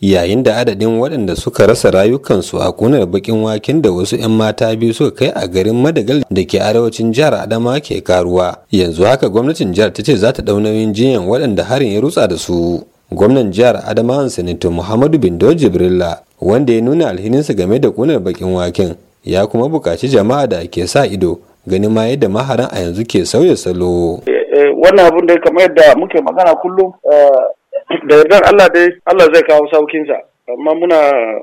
yayin da adadin waɗanda suka rasa rayukansu a kunar bakin waken da wasu 'yan mata biyu suka kai a garin madagal da ke arewacin jihar adama ke karuwa yanzu haka gwamnatin jihar ta ce za ta ɗau nauyin waɗanda harin ya rutsa da su gwamnan jihar adama sanito muhammadu bindo jibrilla wanda ya nuna alhininsa game da kunar bakin waken ya kuma buƙaci jama'a da ke sa ido gani ma yadda maharan a yanzu ke sauya salo eh, eh, wannan abin da kamar yadda muke magana kullum eh, da yardar Allah dai Allah zai kawo saukinsa amma muna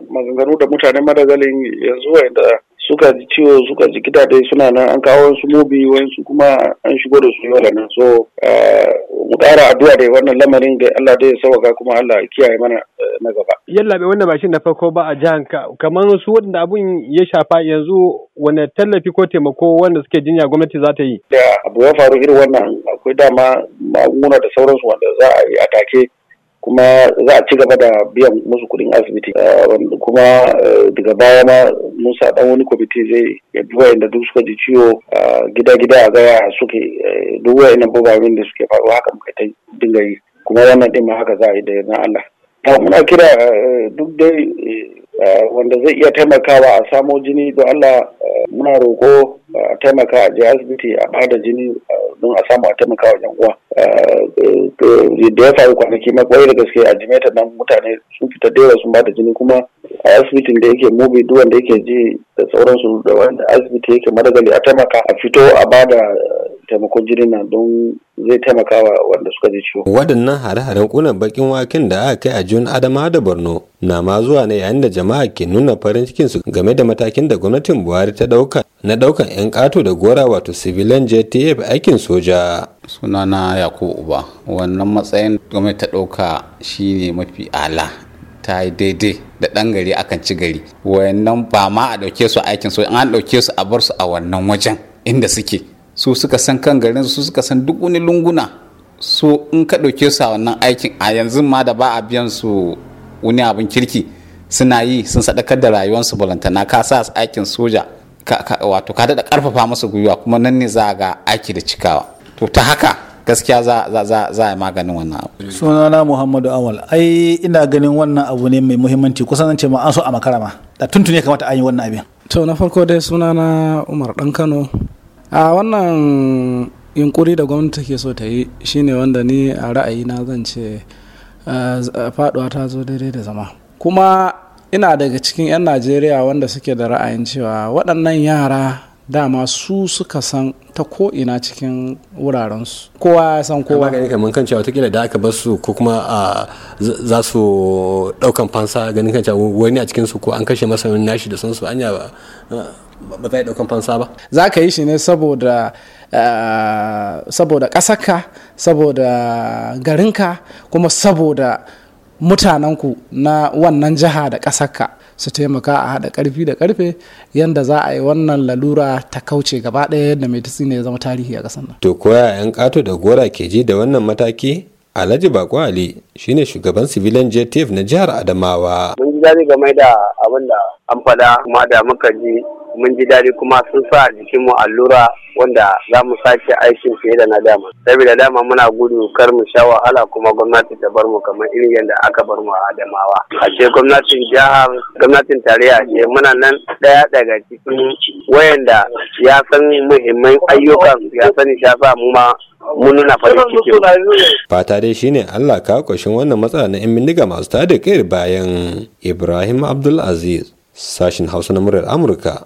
maganganu da mutane madagalin yanzu wa'anda suka ji ciwo suka ji dai suna nan an kawo wasu mobi wasu kuma an shigo da su yola nan so eh, mu ƙara addu'a da wannan lamarin da Allah dai ya sauka kuma Allah kiyaye mana eh, na gaba yalla bai wannan bashin na farko ba a jihar ka kamar su wadanda abun ya shafa yanzu wani tallafi ko taimako wanda suke jinya gwamnati za ta yi da abu ya faru irin wannan akwai dama magunguna da sauransu wanda za a yi atake. kuma za a ci gaba da biyan musu kuɗin asibiti eh, kuma eh, daga baya ma musa dan wani kwamiti zai ya bi wayanda duk suka ji ciwo gida-gida a gaya suke eh, duk nan bubamin da suke faruwa haka muka ta dinga yi kuma wannan ɗin ma haka za a yi da yanzu Allah. muna kira duk dai wanda zai iya taimakawa a samo jini don Allah muna roko a taimaka a je asibiti a bada jini don a samu a taimaka wa uwa eh, eh, da ya faru kwanaki na kwarai da gaske a jimeta nan mutane sun fita da yawa sun da jini kuma a asibitin da yake mubi duwanda yake ji da sauransu da wanda asibiti yake madagali a taimaka a fito a ba da. taimakon jini na don zai taimaka wa wanda suka ji ciwo. Waɗannan hare-haren ƙunan bakin waken da aka kai a jun Adama da Borno na ma zuwa ne yayin da jama'a ke nuna farin cikin su game da matakin da gwamnatin Buhari ta ɗauka na ɗaukan 'yan ƙato da gora wato civilian JTF aikin soja. Sunana Yakubu Uba wannan matsayin gwamnati ta ɗauka shine mafi ala ta yi daidai da ɗan gari akan ci gari wayannan ba ma a ɗauke su aikin so an ɗauke su a bar su a wannan wajen inda suke su suka san kan garin su suka san duk wani lunguna su in ka ɗauke su a wannan aikin a yanzu ma da ba a biyan su wani abin kirki suna yi sun sadakar da rayuwarsu balantana ka sa su aikin soja wato ka daɗa ƙarfafa musu gwiwa kuma nan ne za a ga aiki da cikawa to ta haka gaskiya za a yi maganin wannan abu sunana muhammadu awal ai ina ganin wannan abu ne mai muhimmanci kusan ce ma an so a makara ma da ya kamata an yi wannan abin to na farko dai sunana umar dan kano a wannan yunkuri da gwamnati ke so ta yi shine wanda ni a ra'ayina zan ce faduwa ta zo daidai da zama kuma ina daga cikin 'yan najeriya wanda suke da ra'ayin cewa waɗannan yara dama su suka san ta ko'ina cikin wurarensu kowa ya san kowa ba kamar kan cewa watakila da aka basu ko kuma za su ɗaukan fansa ganin kan cewa wani a cikinsu ko an kashe masa nashi da sansu anya ba ba zai ɗaukan fansa ba za ka yi shi ne saboda eh, saboda ƙasarka saboda garinka kuma saboda mutanenku na wannan jiha da ƙasarka su taimaka a haɗa ƙarfi da ƙarfe yadda za a yi wannan lalura ta kauce gaba ɗaya yadda mai ne ya zama tarihi a ƙasar nan. to koya 'yan ƙato da gora ke ji da wannan mataki Alhaji Bako Ali shine shugaban civilian JTF na jihar Adamawa. Mun ji daɗi game da abin da an faɗa kuma da muka ji mun ji daɗi kuma sun sa a jikinmu allura wanda za mu sake aikin fiye da na dama saboda dama muna gudu kar mu sha wahala kuma gwamnati ta bar mu kamar irin yadda aka bar mu a adamawa a ce gwamnatin jihar gwamnatin tarayya ce muna nan ɗaya daga cikin wayanda ya san muhimman ayyukan ya sani shafa mu ma mun nuna farin ciki fata dai shine Allah ka kwashin wannan matsala na 'yan bindiga masu tada kai bayan Ibrahim Abdul Aziz sashin Hausa na muryar Amurka